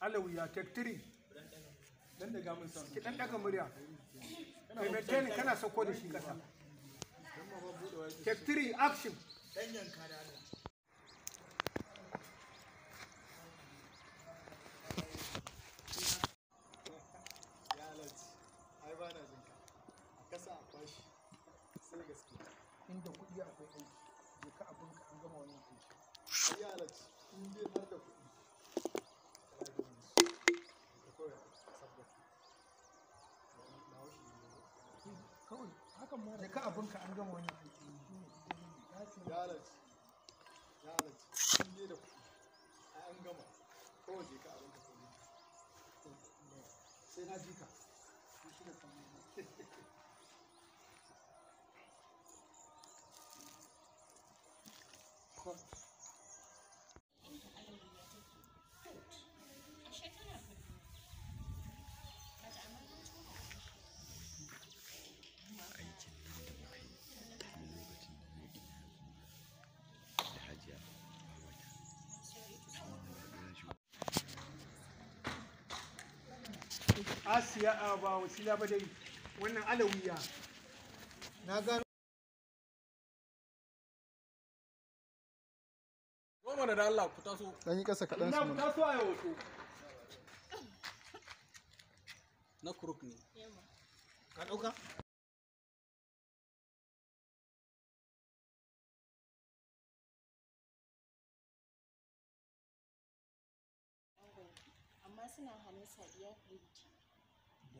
alawiya tek 3 dan daga mun san ki dan daga murya kai maintain kana sako da shi kasa tek action dan yanka da inda kuɗi akwai aiki je ka abinka an gama aiki in har da kuɗi kawai sabbata kawai hakan ma da ka an gama ya halarci ya halarci sun ne da kuɗi an gama kawai je ka sai na ji ka shi da asiya a ah, ba wasila ba dai wannan alawiya na gano goma da Allah ku taso dan yi kasa kaɗan su mana taso a yau na kuruk ne ka ɗauka amma suna hannun sadiya kirki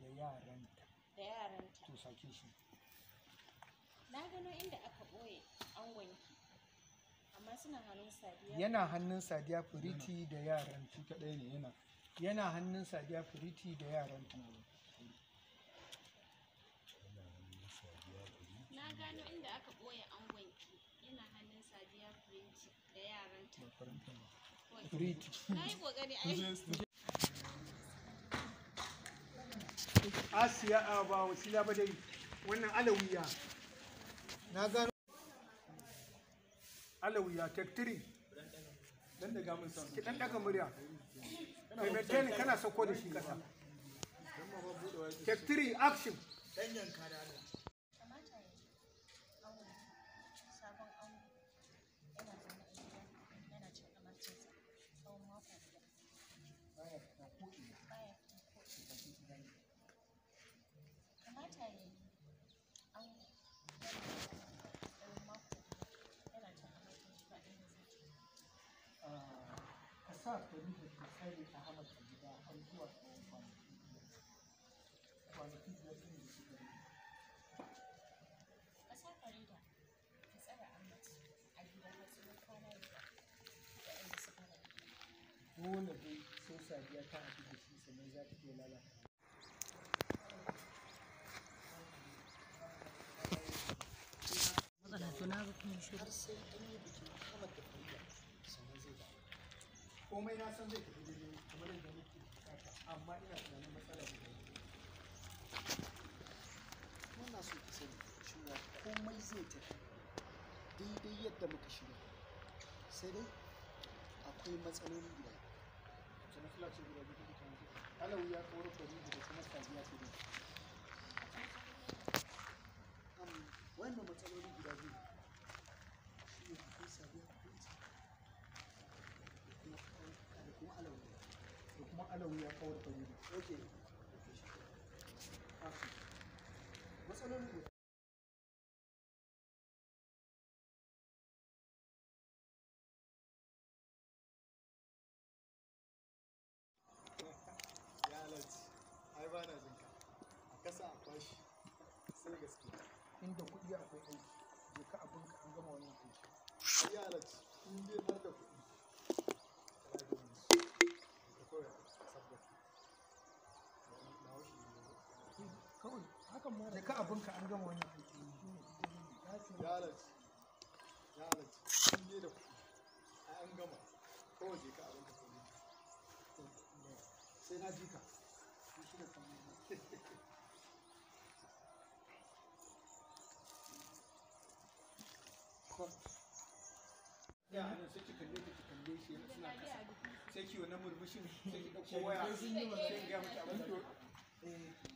da yaranta da yaranta to sake shi na gano inda aka ɓoye ki, amma suna hannun sadiya yana hannun sadiya furiti da yaran shi kadai ne yana yana hannun sadiya furiti da yaran ta na gano inda aka ɓoye ki, yana hannun sadiya furiti da yaran ta furiti na yi ƙoƙari ai asiya a ah, ba wasila ba dai wannan alawiya na gano alawiya tektiri dan daga mun san ki dan daga murya kai mai tani kana sako da shi kasa tektiri action dan yanka da Allah mutane an wani mako yana cin abincin shi ba inda zai ci. Ah, ka sa Farida da tsare ta hamar ta gida har zuwa tsawon kwanaki biyar. Kwanaki biyar sun da shiga. Ka sa Farida ta tsare Ahmad a gida har tsawon kwana biyar. Dole dai sai Sadiya ta haɗu da shi sannan za ta iya lalata. komai na san zai tafi daidai kamar yadda nake kaka amma ina tunanin matsala ne muna so ki sani cewa komai zai tafi daidai yadda muka shirya sai dai akwai matsaloli guda sana fila ce guda biyu duka ne alawu ya kawar da ni da kuma sabiya ce ne wannan matsaloli guda biyu alahu ya kawar da wuri okay ai ba na jinka a kasa inda kuɗi akwai aiki je ka abin ka an gama wannan aiki ya halarci in dai har da kuɗi ka kawai da ka abinka an gama wannan aiki ne da an gama kawai je ka sai na ji ka shi da sai kalle kalle shi yana suna kasa sai murmushin sai ki ɗauko waya sai ki abin